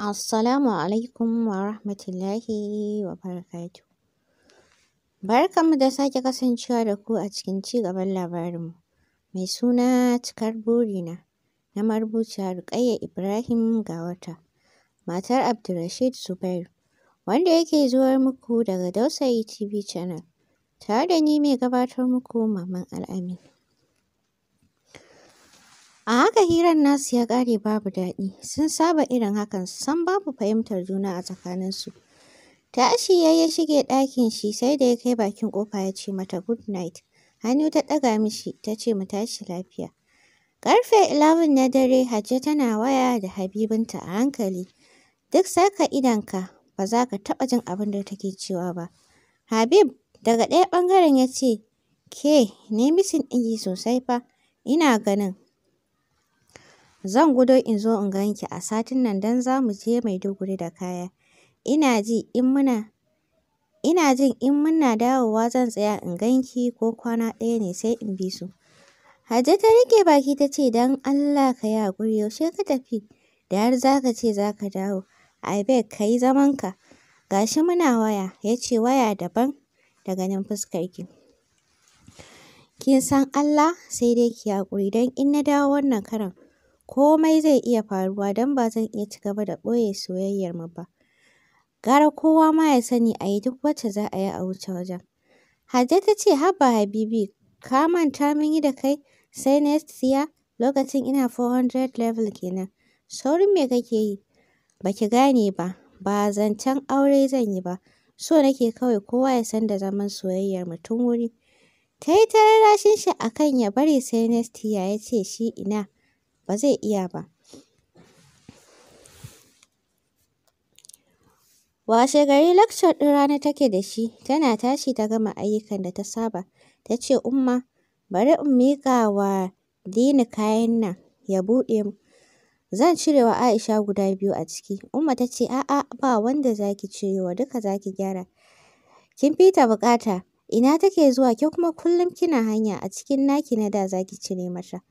Assalamu alaikum wa rahmatullahi wa barakatuh. Barkanmu da sake kasancewa da ku a cikin ci gaban labarin mu. Mai suna cikar burina na marubuciya Rukayya Ibrahim Gawata, matar Abdulrashid Zubairu, wanda yake zuwa muku daga Dausayi TV Channel, tare da ni mai gabatar muku Maman Al-Amin. A haka hirar nasu ya ƙare babu daɗi, sun saba irin hakan sam babu fahimtar juna a tsakaninsu. Ta Tashi ya yi shige ɗakin shi sai da ya kai bakin ƙofa ya ce mata good night. Hannu ta ɗaga mishi ta ce mu tashi lafiya. Ƙarfe 11 na dare Hajje tana waya da Habibinta a hankali. Duk saka idanka ba za ka taɓa jin abin da take cewa ba. Habib daga ɗaya ɓangaren ya ce, ke ne misin ɗinki sosai fa, ina ganin Zan gudo in zo in ganki a satin nan don za mu je Maiduguri da kaya. Ina ji in muna jin in muna dawowa zan tsaya in ganki ko kwana ɗaya ne sai in bi su. Hajji ta rike baki ta ce don Allah ka yi haƙuri yaushe ka tafi da har za ka ce za ka dawo. I ka yi zamanka. Gashi muna waya ya ce waya daban da ganin fuskarki. Kin san Allah sai dai ki haƙuri don in na dawo wannan karan komai zai iya faruwa don ba zan iya cigaba da ɓoye soyayyar soyayyarmu ba. Gara kowa ma ya sani a yi duk wacce za a yi a wuce wajen. Hajja ta ce haba Habibi ka manta mun yi da kai sai na siya lokacin ina 400 level kenan. Saurin me kake yi? Ba ki gane ba, ba zancen aure zan yi ba. So nake kawai kowa ya san da zaman soyayyar mutum wuri. Ta yi ta rarrashin shi a kan ya bari sai na ya ce shi ina. ba zai iya ba. Washe gari lakcar ɗin Rana take da shi, tana tashi ta gama ayyukan da ta saba, ta ce Umma bari in miƙa wa Dini kayan nan ya buɗe mu. Zan cire wa Aisha guda biyu a ciki. Umma ta ce a'a ba wanda za ki cire wa duka za ki gyara. Kin fita buƙata. Ina take zuwa ke kuma kullum kina hanya a cikin naki na da za ki cire mata.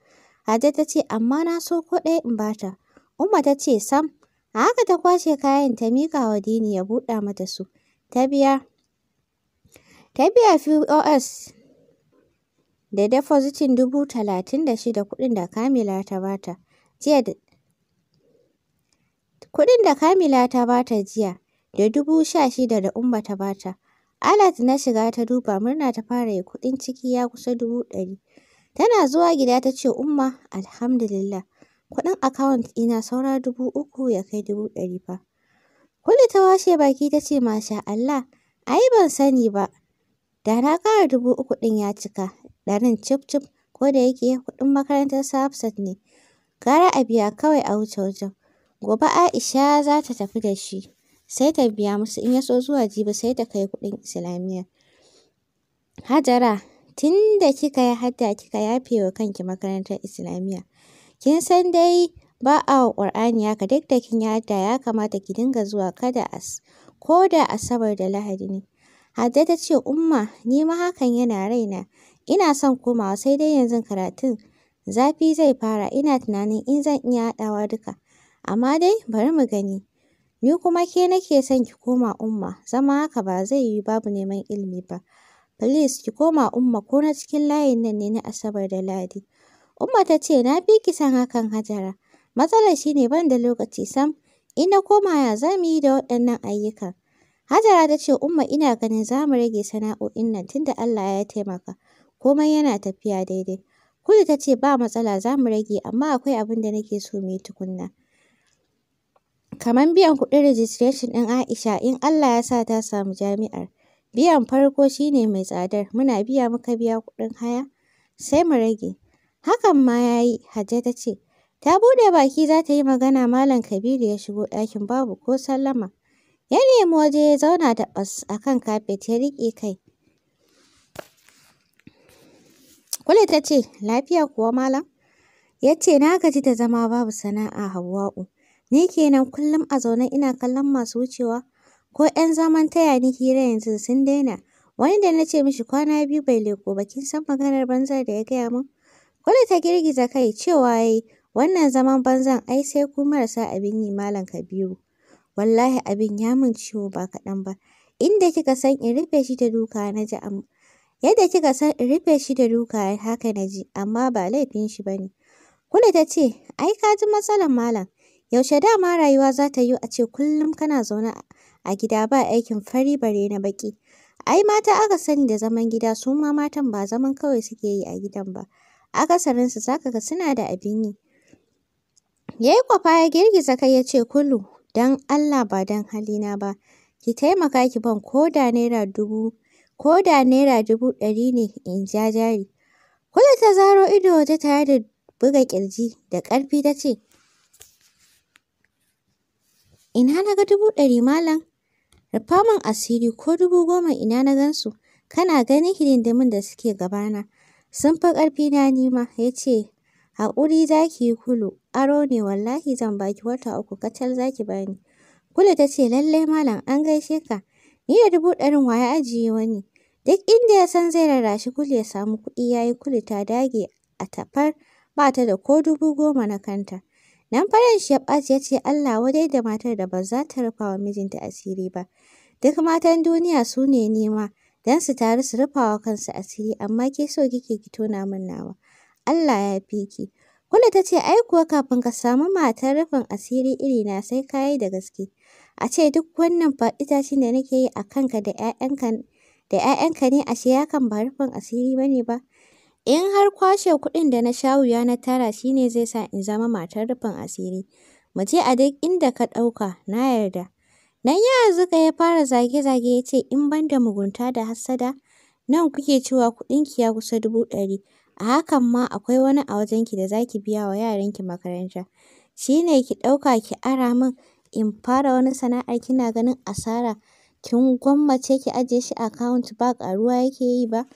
Hajar ta ce, amma na so ko ɗaya in bata. Umma ta ce, sam. A haka ta kwashe kayan ta miƙa wa Dini ya buɗa mata su. Ta biya. Ta biya POS da dafositin dubu talatin da shida kuɗin da Kamila ta bata. Jiya da kuɗin da Kamila ta bata jiya da dubu sha shida da Umma ta bata. Alat na shiga ta duba murna ta fara yi kuɗin ciki ya kusa dubu ɗari. Tana zuwa gida ta ce Umma Alhamdulillah, kuɗin akawunt ɗina saura dubu uku ya kai dubu ɗari fa. Kuli ta washe baki ta ce Masha Allah, ai ban sani ba. Da na ƙara dubu uku ɗin ya cika, ɗarin cif cif ko da yake kuɗin makarantar su Hafsat ne. Gara a biya kawai a wuce wajen. Gobe Aisha za ta tafi da shi. Sai ta biya musu in ya so zuwa jibi sai ta kai kuɗin Islamiyya. Hajara tun da kika yi hadda kika yafe wa kanki makarantar Islamiyya. Kin san dai ba a wa Ƙur'ani haka duk da kin yi hadda ya kamata ki dinga zuwa kada as ko da Asabar da Lahadi ne. Hadda ta ce Umma ni ma hakan yana raina ina son komawa sai dai yanzu karatun zafi zai fara ina tunanin in zan iya haɗawa duka. Amma dai bari mu gani. Ni kuma ke nake son ki koma Umma zama haka ba zai yi babu neman ilimi ba. Please ki koma Umma ko na cikin layin nan ne na Asabar da Ladi. Umma ta ce na fi ki san hakan Hajara. Matsalar shi ne ban da lokaci sam. Ina komaya koma ya za mu yi da waɗannan ayyukan? Hajara ta ce Umma ina ganin za mu rage sana'o'in nan tunda Allah ya taimaka. Komai yana tafiya daidai. Kulu ta ce ba matsala za mu rage amma akwai abin da nake so mu yi tukunna. Kamar biyan kuɗin registration ɗin Aisha in Allah ya sa ta samu jami'ar. Biyan farko shi ne mai tsadar, muna biya muka biya kuɗin haya, sai mu rage. Hakan ma ya yi, Hajja ta ce. Ta buɗe baki za ta yi magana Malam Kabiru ya shigo ɗakin babu ko sallama. Ya nemi waje ya zauna da ɓas a kan kafet ya riƙe kai. Kule ta ce, lafiya kuwa Malam? Ya ce, na gaji da zama babu sana'a Hauwa'u. Ni kenan kullum a zaune ina kallon masu wucewa. Ko ƴan zaman taya ni hira yanzu sun daina. Wani da na ce mishi kwana biyu bai leko ba kin san maganar banza da ya gaya min? Kulu ta girgiza kai cewa yayi wannan zaman banzan ai sai ku marasa abin yi malam Kabiru. Wallahi abin ya mun ciwo ba kaɗan ba. Inda kika san in rufe shi da duka na ji am. Yadda kika san in rufe shi da duka haka na ji amma ba laifin shi bane. Kulu ta ce ai ka ji matsalar malam. Yaushe dama rayuwa za ta yi a ce kullum kana zaune A gida ba aikin fari bare na baƙi. Ai mata aka sani da zaman gida su ma matan ba zaman kawai suke yi a gidan ba. Akasarinsu za ka ga suna da abin yi. Ya yi kwafa ya girgiza kai ya ce kulu don Allah ba don halina ba. Ki taimaka ki ban ko da naira dubu ko da naira dubu ɗari ne in ja jari. Kulu ta zaro ido waje tare da buga ƙirji da ƙarfi ta ce ina na ga dubu ɗari malam? Rufa min asiri ko dubu goma ina na gansu? Kana ganin hidindimin da suke gabana. Sun fi ƙarfi na nima, ya ce, haƙuri za ki yi kulu, aro ne wallahi zan baki wata uku kacal za ki bani. Kulu ta ce, lallai malam an gaishe ka, ni da dubu ɗarin waya ajiye wani. Duk inda ya san zai rarrashi kulu ya samu kuɗi ya yi kulu ta dage a tafar ba ta da ko dubu goma na kanta. Nan faran shi ya ɓaci ya ce Allah wadai da matar da ba za ta rufa wa mijinta asiri ba. Duk matan duniya su ne nema don su taru su rufa wa kansu asiri amma ke so kike ki tona min nawa. Allah ya fi ki. Kula ta ce ai kuwa kafin ka samu matar rufin asiri iri na sai ka yi da gaske. A ce duk wannan faɗi ta da nake yi a kanka da 'ya'yanka da ne ashe yakan ba rufin asiri bane ba In har kwashe kuɗin da na sha wuya na tara shi ne zai sa in zama matar rufin asiri, mu je a duk inda ka ɗauka, na yarda. Nan ya zuka ya fara zage-zage ya ce in ban da mugunta da hassada, nan kuke cewa kuɗinki ya kusa dubu ɗari, a hakan ma akwai wani a wajenki da za ki biya wa yaranki makaranta. Shi ne ki ɗauka ki ara min in fara wani sana'ar kina ganin asara, kin gwammace ki ajiye shi a akawunt ba ƙaruwa yake yi ba.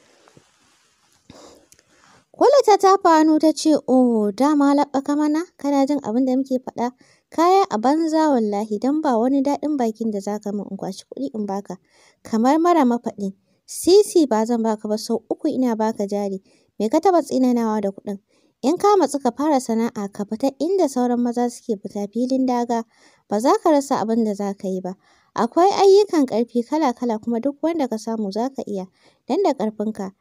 Kwala ta tafa ta ce, "Oh, dama laɓaka mana, kana jin abin da muke faɗa. Kaya a banza wallahi don ba wani daɗin bakin da za ka min in kwashi kuɗi in baka, kamar mara mafaɗi. Sisi ba zan baka ba sau uku ina baka jari, me ka taɓa tsinanawa da kuɗin? In ka matsu ka fara sana'a ka fita inda sauran maza suke fita filin daga, ba za ka rasa abin da za ka yi ba. Akwai ayyukan ƙarfi kala-kala kuma duk wanda ka samu za ka iya, don da ƙarfinka.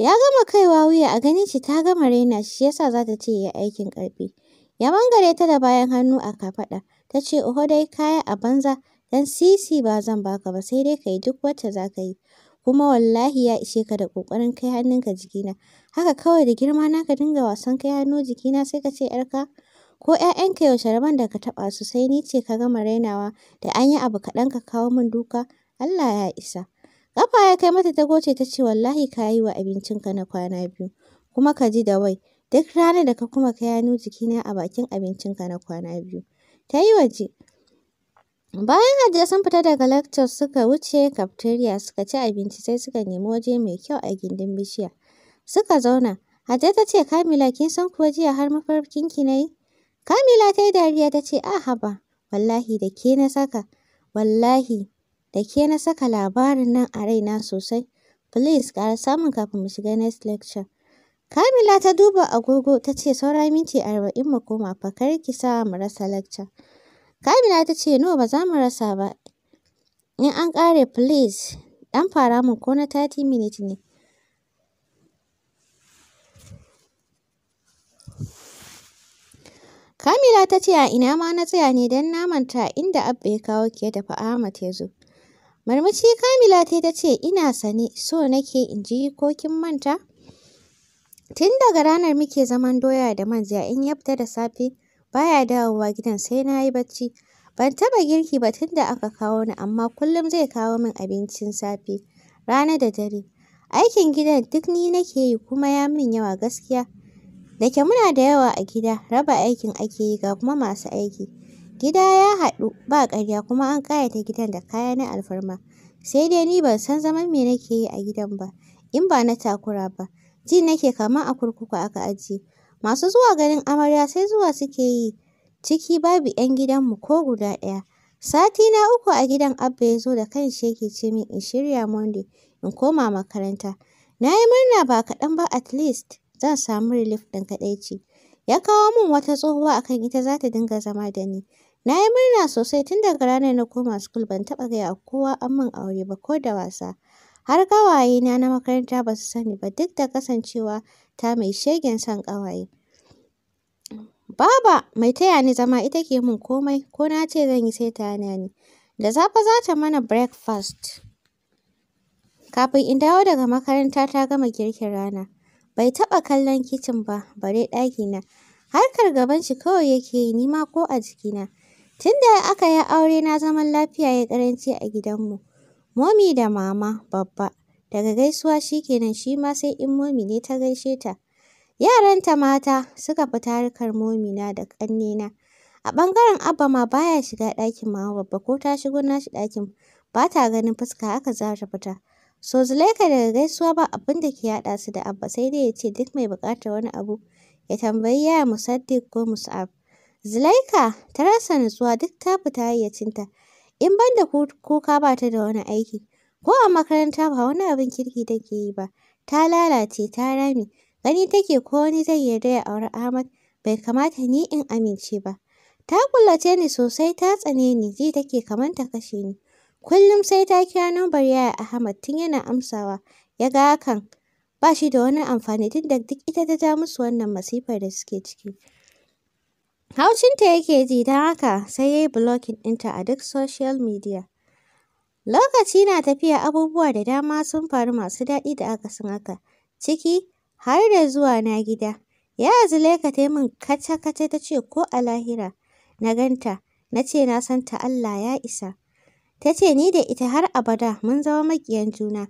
Ya gama kaiwa wuya a ganin shi ta gama raina shi yasa ya za ta ce ya aikin ƙarfi. Ya mangare ta da bayan hannu a kafaɗa. Ta ce oho dai kaya a banza dan sisi ba zan baka ba sai dai ka yi duk wacce za ka yi. Kuma wallahi ya ishe ka da ƙoƙarin kai hannunka jikina. Haka kawai da girma na ka dinga wasan kai hannu jikina sai ka ce ‘yarka. Ko ‘ya'yanka yaushe rabon da ka taɓa su sai ni ce ka gama rainawa da an yi abu kaɗan ka kawo min duka. Allah ya isa. Ƙafa ya kai mata ta goce ta ce wallahi ka yi wa abincinka na kwana biyu, kuma ka ji da wai, duk ranar da ka kuma ka yanu jikina a bakin abincinka na kwana biyu. Ta yi waje. Bayan Hajiya sun fita daga lectures suka wuce cafeteria suka ci abinci sai suka nemi waje mai kyau a gindin bishiya. Suka zauna. Hajiya ta ce Kamila kin san kuwa jiya har mafarkinki na yi? Kamila ta yi dariya ta ce a ah, haba wallahi da ke na saka wallahi Da ke na saka labarin nan a raina sosai. Please ƙara samun kafin mu shiga next lecture. Kamila ta duba agogo ta ce saura minti arba'in mu koma fa kar ki sa mu rasa lecture. Kamila ta ce no ba za mu rasa ba. In an ƙare please ɗan fara mu ko na 30 minutes ne. Kamila ta ce a ina ma na tsaya ne don na manta inda Abba ya kawo ke da tafi Ahmad ya zo. Marmaci Kamila ta ta ce ina sane so nake in ji ko kin manta. Tun daga ranar muke zaman doya da manja in yabta da safe baya dawowa gidan sai na yi bacci. Ban taɓa girki ba tun da aka kawo ni amma kullum zai kawo min abincin safe, rana da dare. Aikin gidan duk ni nake yi kuma ya min yawa gaskiya. Da muna da yawa a gida raba aikin ake yi ga kuma masu aiki. Gida ya haɗu ba ƙarya kuma an ƙayata gidan da kaya na alfarma. Sai dai ni ban san zaman me nake yi a gidan ba, in ba na takura ba. Ji nake kamar a kurkuku aka ajiye. Masu zuwa ganin amarya sai zuwa suke yi, ciki babu 'yan gidanmu ko guda ɗaya. Sati na uku a gidan Abba ya zo da kanshi yake ce min in shirya Monday in koma makaranta. Na yi murna ba kaɗan ba at least zan samu relief ɗin kaɗaici. Ya kawo min wata tsohuwa akan ita za ta dinga zama da ni. Na yi murna sosai tun daga ranar na koma school ban taɓa gaya wa kowa an min aure ba ko da wasa. Har ƙawayena na na makaranta ba su sani ba duk da kasancewa ta mai shegen son ƙawaye. Baba mai taya ni zama ita ke min komai ko na ce zan yi sai ta hana ni. Da safe za ta mana breakfast. Kafin in dawo daga makaranta ta gama girkin rana. Bai taɓa kallon kicin ba bare ɗakina. Harkar gaban shi kawai yake yi ni ma ko a jikina. Tun da aka yi aure na zaman lafiya ya ƙaranci a gidanmu. Momi da Mama babba, daga gaisuwa shi kenan shi ma sai in Momi ne ta gaishe ta. Yaranta mata suka fita harkar na da ƙannena. A ɓangaren Abba ma baya shiga ɗakin Mama babba ko ta shigo nashi ɗakin ba ta ganin fuska haka za ta fita. So Zulaika daga gaisuwa ba abin da ke haɗa su da Abba sai dai ya ce duk mai buƙatar wani abu ya tambayi yaya Musaddiq ko Mus'ab. zulaika ta rasa nutsuwa duk ta fita hayyacinta. In ban da kuka ba ta da wani aiki. Ko a makaranta ba wani abin kirki take yi ba. Ta lalace ta rami, Gani take ko wani zai yarda ya auri Ahmad bai kamata ni in amince ba. Ta kullace ni sosai ta tsane ni ji take kamar ta kashe ni. Kullum sai ta kira nambar yaya Ahmad tun yana amsawa. Ya ga hakan ba shi da wani amfani tun da duk ita ta ja musu wannan masifar da suke ciki. Haushinta yake ji don haka sai ya yi blocking ɗinta a duk soshiyal midiya. Lokaci na tafiya abubuwa da dama sun faru masu daɗi da akasin haka, ciki har da zuwa na gida. Ya Zuleka ta min kaca-kaca ta ce ko a lahira na ganta, na ce na san ta Allah ya isa. Ta ce ni da ita har abada mun zama maƙiyan juna.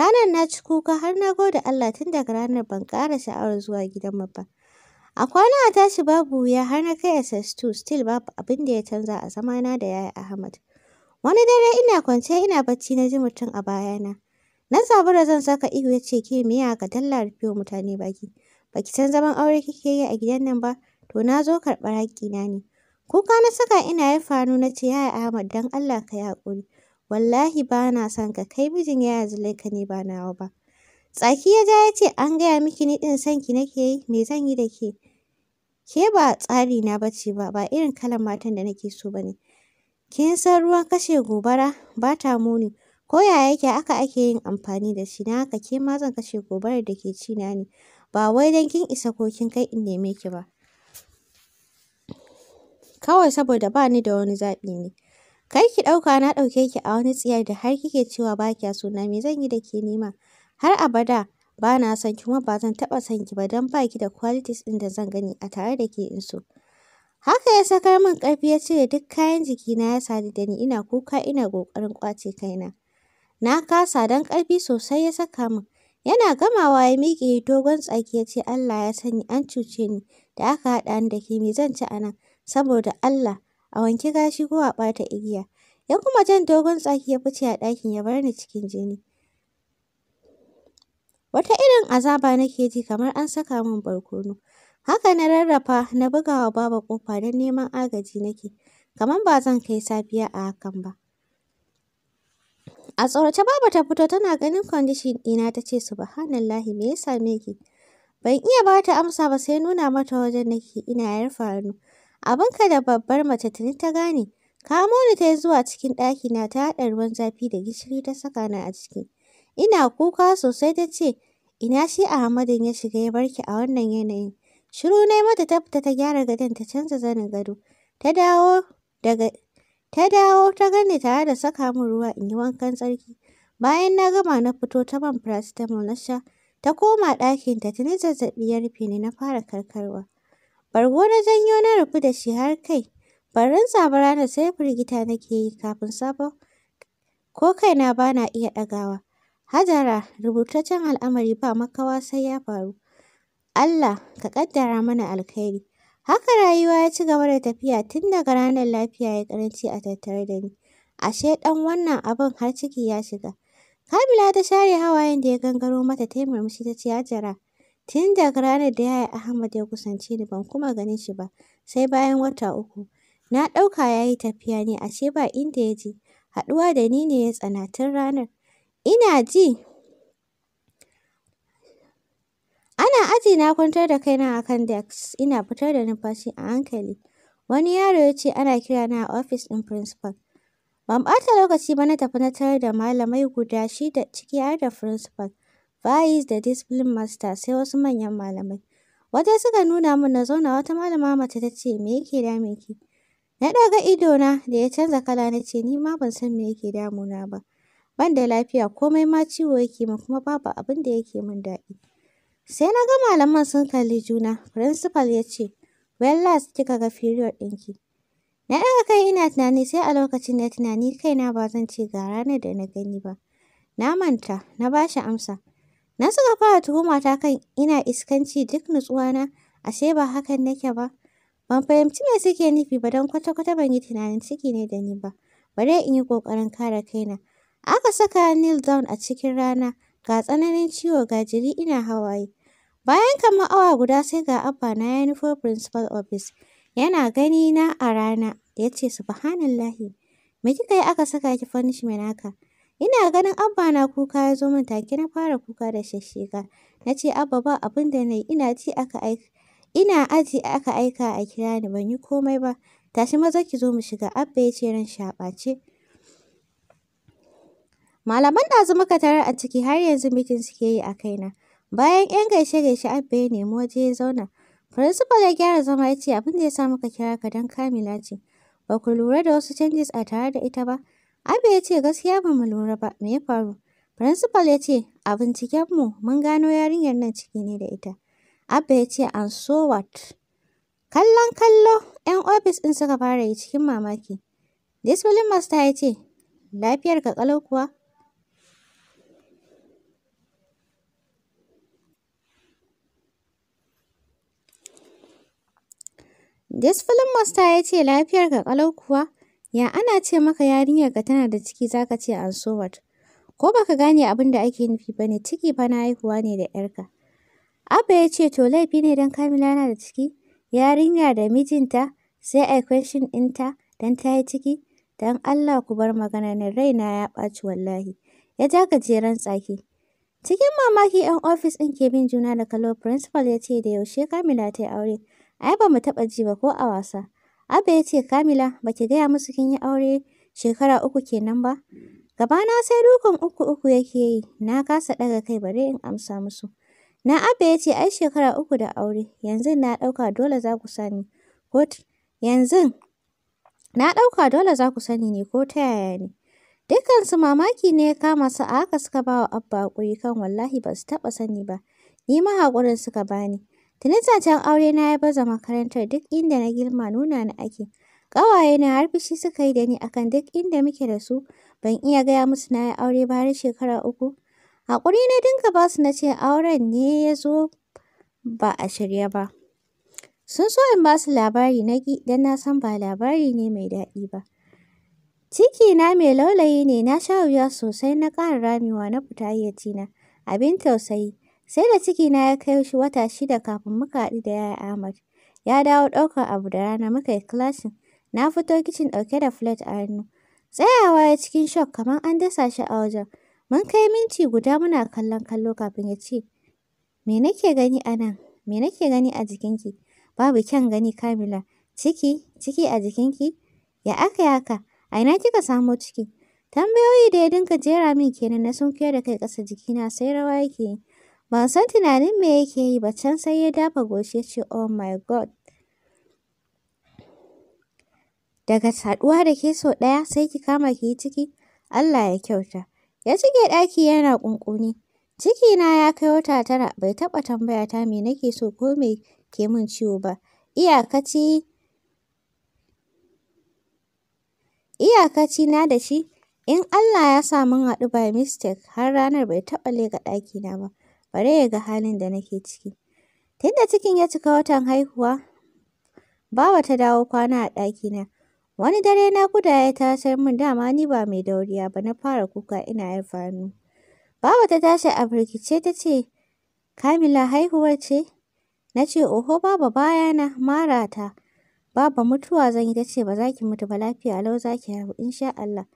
Ranar na ci kuka har na gode Allah tun daga ranar ban ƙara sha'awar zuwa mu ba. A kwana a tashi babu wuya har na kai SS2 still babu abin da ya canza a zamana da yaya Ahmad. Wani dare ina kwance ina bacci na ji mutum a bayana. Na da zan saka ihu ya ce ke miya ka dalla rufe wa mutane baki. Baki san zaman aure kike yi a gidan nan ba, to na zo karɓar haƙƙina ne. Kuka na saka ina ya faru na ce yaya Ahmad don Allah ka yi haƙuri. Wallahi ba na son ka kai mijin yaya Zulaika ne ba nawa ba. Tsaki ya ja ya ce, An gaya miki ni ɗin son ki nake yi, me zan yi da ke? Ke ba tsari na bace ba, ba irin kalan matan da nake so ba ne. Kin san ruwan kashe gobara ba ta muni, ko yaya yake aka ake yin amfani da shi, na haka ke ma zan kashe gobarar da ke ci na ne, ba wai don kin isa ko kin kai in neme ki ba. Kawai saboda ba ni da wani zaɓi ne. Kai ki ɗauka na ɗauke ki a wani tsiyar da har kike cewa ba kya so na, me zan yi da ke nema? Har abada ba na son kuma ba zan taɓa son ki ba don ba ki da kwalitis ɗin da zan gani a tare da ke in so. Haka ya sakar min ƙarfi ya cire duk kayan jikina ya sadu da ni ina kuka ina ƙoƙarin ƙwace kaina. Na kasa don ƙarfi sosai ya saka min. Yana gamawa ya miƙe dogon tsaki ya ce Allah ya sani an cuce ni da aka haɗa ni da ke me zan ci a nan saboda Allah a wanki gashi ko a ɓata igiya. Ya kuma jan dogon tsaki ya fice a ɗakin ya bar ni cikin jini. Wata irin azaba nake ji kamar an saka min barkono. Haka na rarrafa na bugawa baba kofa don neman agaji nake, kamar ba zan kai safiya a hakan ba. A tsorace baba ta fito tana ganin kwandishin ɗina ta ce subhanallahi me ya same ki? Ban iya ba ta amsa ba sai nuna mata wajen nake ina yar faru. ka da babbar mace tuni ta gane. Kamo ni ta yi zuwa cikin ɗaki na ta haɗa ruwan zafi da gishiri ta saka ni a ciki. Ina kuka sosai ta ce, ina shi Ahmadu ya shiga ya barki a wannan yanayin. Shiru na mata ta fita ta gyara gadon ta canza zanin gado. Ta dawo daga ta dawo ta gani tare da saka min ruwa in yi wankan tsarki. Bayan na gama na fito ta ban paracetamol na sha. Ta koma ɗakinta tuni zazzaɓi ya rufe ni na fara karkarwa. Bargo na janyo na rufu da shi har kai. rantsa ba ranar sai firgita nake yi kafin sabon ko kaina ba na iya ɗagawa. Hajara, rubutaccen al'amari ba makawa sai ya faru. Allah ka ƙaddara mana alkhairi. Haka rayuwa ya ci gaba da tafiya tun daga ranar lafiya ya karanci a tattare da ni. Ashe ɗan wannan abin har ciki ya shiga. Kamila ta share hawayen da ya gangaro mata ta yi murmushi ta ce Hajara. Tun daga ranar da yaya Ahmad ya kusance ni ban kuma ganin shi ba sai bayan wata uku. Na ɗauka ya yi tafiya ne ashe ba inda ya je. Haɗuwa da ni ne ya tsana tun ranar. Ina ji. Ana aji na kwantar da kaina a kan desk, ina fitar da numfashi a hankali. Wani yaro ya ce ana ni a ofis ɗin firinsifal. Ban ɓata lokaci ba na tafi na tarar da malamai guda shida ciki har da firinsifal, bayis da discipline masta sai wasu manyan malamai. Wajen suka nuna min na zauna wata malama mace ta ce me yake damunki? Na ɗaga idona da ya canza kala na ce nima ban san me yake damuna ba. Ban da lafiya komai ma ciwo yake min kuma babu abin da yake min daɗi. Sai na ga malaman sun kalli juna, principal ya ce, well last kika ga period ɗinki. Na ɗaga kai ina tunani sai a lokacin na tunani kaina ba zan ce ga ranar da na gani ba. Na manta, na ba shi amsa. Na suka fara tuhuma ta kan ina iskanci duk nutsuwa na? ashe ba hakan nake ba. Ban fahimci me suke nufi ba don kwata-kwata ban yi tunanin ciki ne da ni ba. Bari in yi ƙoƙarin kare kaina. Aka saka Neil down a cikin rana, ga tsananin ciwo ga jiri ina hawaye. Bayan kamar awa guda sai ga Abba na ya nufo principal office. Yana gani na a rana ya ce subhanallahi. Me kika yi aka saka ki punishment haka? Ina ganin Abba na kuka ya zo min take na fara kuka da shashiga Na ce Abba ba abin da na ina ci aka aika. Ina aji aka aika a kira ni ban yi komai ba. Tashi maza ki zo mu shiga Abba ya ce ran shaɓace. ce. Malaman ɗazu muka tarar a ciki har yanzu mitin suke yi a kaina. Bayan 'yan gaishe-gaishe Abba ya nemi waje ya zauna. Principal ya gyara zama ya ce abin da ya sa muka kira ka don Kamila ce. Ba ku lura da wasu canjis a tare da ita ba? Abba ya ce gaskiya ba mu lura ba, me ya faru? Principal ya ce a bincikenmu mun gano yarinyar nan ciki ne da ita. Abba ya ce and so what? Kallon kallo, 'yan ofis ɗin suka fara yi cikin mamaki. Discipline masta ya ce, lafiyar ka kalau kuwa? Disfilin Masta ya ce lafiyarka ƙalau kuwa? Ya ana ce maka yarinyarka tana da ciki za ka ce an so what? Ko baka gane abin da ake nufi ba ne ciki fa na haihuwa ne da ‘yarka. Abba ya ce to laifi ne don Kamila na da ciki? Yarinya da mijinta sai a question ɗinta don ta yi ciki? Don Allah ku bar magana nan raina ya ɓaci wallahi. Ya ja gajeren tsaki. Cikin mamaki ‘yan ofis ɗin ke bin juna da kallo principal ya ce da yaushe Kamila ta yi aure. Ai ba mu taɓa ji ba ko a wasa. Abba ya ce, Kamila, ba ki gaya musu kin yi aure shekara uku kenan ba? Gabana sai dukan uku uku yake yi, na kasa ɗaga kai bare in amsa musu. Na Abba ya ce, ai shekara uku da aure, yanzu na ɗauka dole za ku sani. Ko yanzu na ɗauka dole za ku sani ne ko ta yaya ne. Dukkansu mamaki ne ya kama su a haka suka ba wa Abba haƙuri kan wallahi ba su taɓa sani ba. Ni ma haƙurin suka bani. Tuni zancen aure na ya baza makarantar duk inda na girma nuna na ake. Ƙawaye na har fushi suka yi da ni akan duk inda muke da su. Ban iya gaya musu na yi aure ba har shekara uku. Haƙuri na dinka ba su na ce auren ne ya zo ba a shirya ba. Sun so in ba su labari na ƙi don na san ba labari ne mai daɗi ba. Ciki na mai laulayi ne na sha wuya sosai na ƙara ramewa na fita yatina Abin tausayi. Sai da cikina ya kai shi wata shida kafin muka haɗu da yaya Ahmad. Ya dawo ɗaukar abu da rana muka yi kilashin. Na fito kicin ɗauke da flat a hannu. Tsayawa ya cikin shock kamar an dasa shi a wajen. Mun kai minti guda muna kallon kallo kafin ya ce, Me nake gani a nan? Me nake gani a jikinki? Babu kyan gani Kamila. Ciki, ciki a jikinki? Ya aka yaka? A ina kika samo ciki? Tambayoyi da ya dinka jera min kenan na sunkuyar da kai ƙasa jikina sai rawa yake yi. Ban san tunanin me yake yi ba can sai ya dafa goshi ya ce “Oh my God!” Daga saduwa da ke so ɗaya sai ki kama ki yi ciki? Allah ya kyauta. Ya cike ɗaki yana ƙunƙuni. Cikina ya kai wata tara bai taba tambaya ta me nake so ko me ke min ciwo ba. Iyakaci iyakaci na da shi in Allah ya sa mun haɗu by mistake har ranar bai taɓa daki na ba. bare ya ga halin da nake ciki. Tunda cikin ya cika watan haihuwa, Bawa ta dawo kwana a ɗakina. Wani dare na guda ya tasar min dama ni ba mai dauriya ba na fara kuka ina yar fanu. Baba ta tashi a firgice ta ce, Kamila haihuwar ce? Na ce, Oho, baba bayana, marata. Baba mutuwa zan yi ta ce, Ba za ki mutu ba lafiya lau za ki haihu, insha Allah.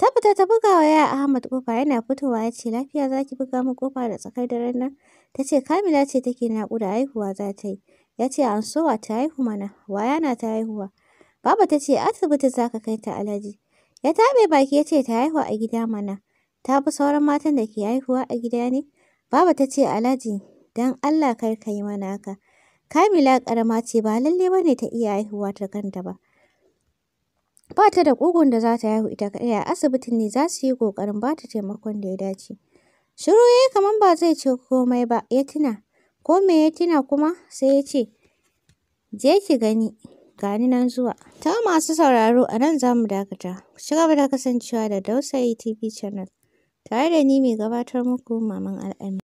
Ta fita ta buga wa yaya Ahmad kofa yana fitowa ya ce lafiya za ki buga min kofa da tsakar daren nan. Ta ce Kamila ce take naƙuda haihuwa za ta yi. Ya ce an so wa ta haihu mana waya na ta haihuwa. Baba ta ce asibiti za ka kai ta alhaji. Ya taɓe baki ya ce ta haihuwa a gida mana. Ta fi sauran matan da ke haihuwa a gida ne. Baba ta ce alaji don Allah kar ka yi mana haka. Kamila ƙarama ce ba lalle ba ne ta iya haihuwa ta kanta ba. Ba ta da ƙugun da za ta haihu ita kaɗai a asibitin ne za su yi ƙoƙarin ba ta taimakon da ya dace. Shiru ya yi kamar ba zai ce komai ba, ya tuna. Ko me ya tuna kuma sai ya ce, je ki gani, gani nan zuwa. Ta masu sauraro a nan za mu dakata. Ku ci gaba da kasancewa da Dausayi TV Channel. Tare da ni mai gabatar muku Maman Al'amin.